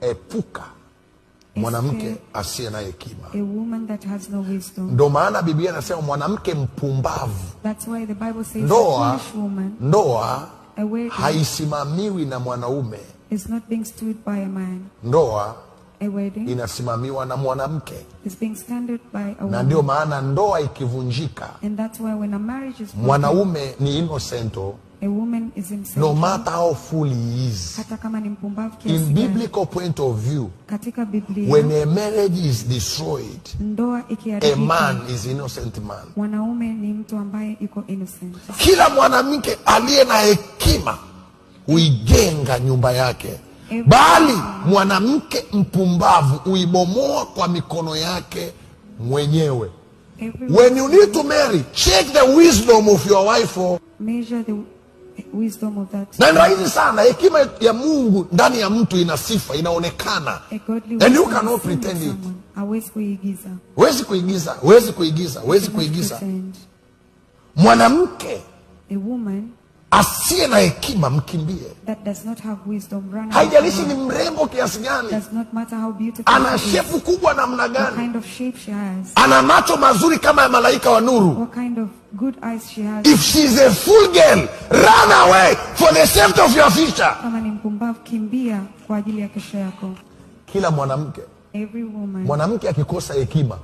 epuka mwanamke asiye na hekima. Ndo maana Biblia inasema mwanamke mpumbavu, ndoa ndoa haisimamiwi na mwanaume, ndoa inasimamiwa na mwanamke, na ndio maana ndoa ikivunjika, mwanaume ni innocent A woman is himself. No matter how full he is. In biblical point of view. Biblia. When a marriage is destroyed. Ndoa A man is innocent man. ni mtu iko innocent. Kila mwanamke aliye na hekima Uigenga nyumba yake. Bali mwanamke mpumbavu huibomoa kwa mikono yake mwenyewe. When you need to marry, check the wisdom of your wife. Oh. Measure the na ni rahisi sana. Hekima ya Mungu ndani ya mtu ina sifa, inaonekana, and you cannot pretend it. kuigiza, huwezi kuigiza, huwezi kuigiza, kuigiza. Mwanamke asiye na hekima mkimbie. Haijalishi ni mrembo kiasi gani, ana shepu kubwa namna gani, kind of ana macho mazuri kama ya malaika wa nuru. Kind of if she is a fool girl run away for the safety of your future. Kama ni mpumbavu, kimbia kwa ajili ya kesho yako. Kila mwanamke mwanamke akikosa hekima,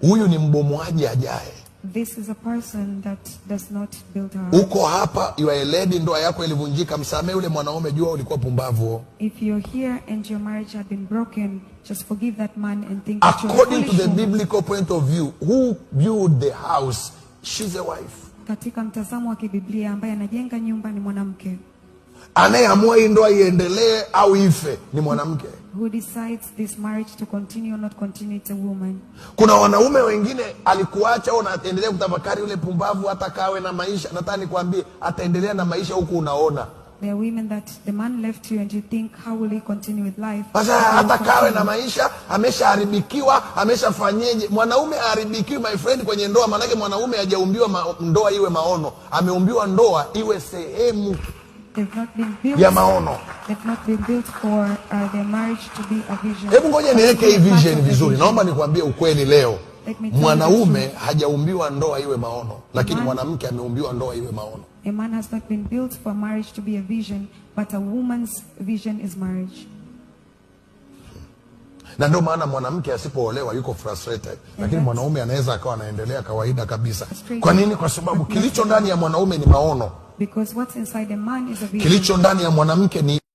huyu ni mbomoaji ajaye. This is a person that does not build Uko hapa yuaeledi, ndoa yako ilivunjika, msamee yule mwanaume, jua ulikuwa pumbavu. If you're here and your marriage had been broken, just forgive that man and think according to the biblical point of view, who built the house? She's a wife. Katika mtazamo wa kibiblia, ambaye anajenga nyumba ni mwanamke anayeamua hii ndoa iendelee au ife ni mwanamke. Who decides this marriage to continue or not continue it's a woman. Kuna wanaume wengine alikuacha au naendelea kutafakari yule pumbavu hata kawe na maisha. Nataka nikwambie ataendelea na maisha huku unaona. There are women that the man left you and you think how will he continue with life? Sasa hata kawe na maisha ameshaharibikiwa, ameshafanyeje? Mwanaume haribikiwi my friend kwenye ndoa, maanake mwanaume hajaumbiwa ma, ndoa iwe maono, ameumbiwa ndoa iwe sehemu ya maono. Uh, Hebu ngoja niweke hii vision vizuri. Naomba nikuambie ukweli leo, mwanaume hajaumbiwa ndoa iwe maono, lakini mwanamke ameumbiwa ndoa iwe maono. Na ndio maana mwanamke asipoolewa yuko frustrated, lakini mwanaume anaweza akawa anaendelea kawaida kabisa. Kwa nini? Kwa sababu kilicho ndani ya mwanaume ni maono. Kilicho ndani ya mwanamke ni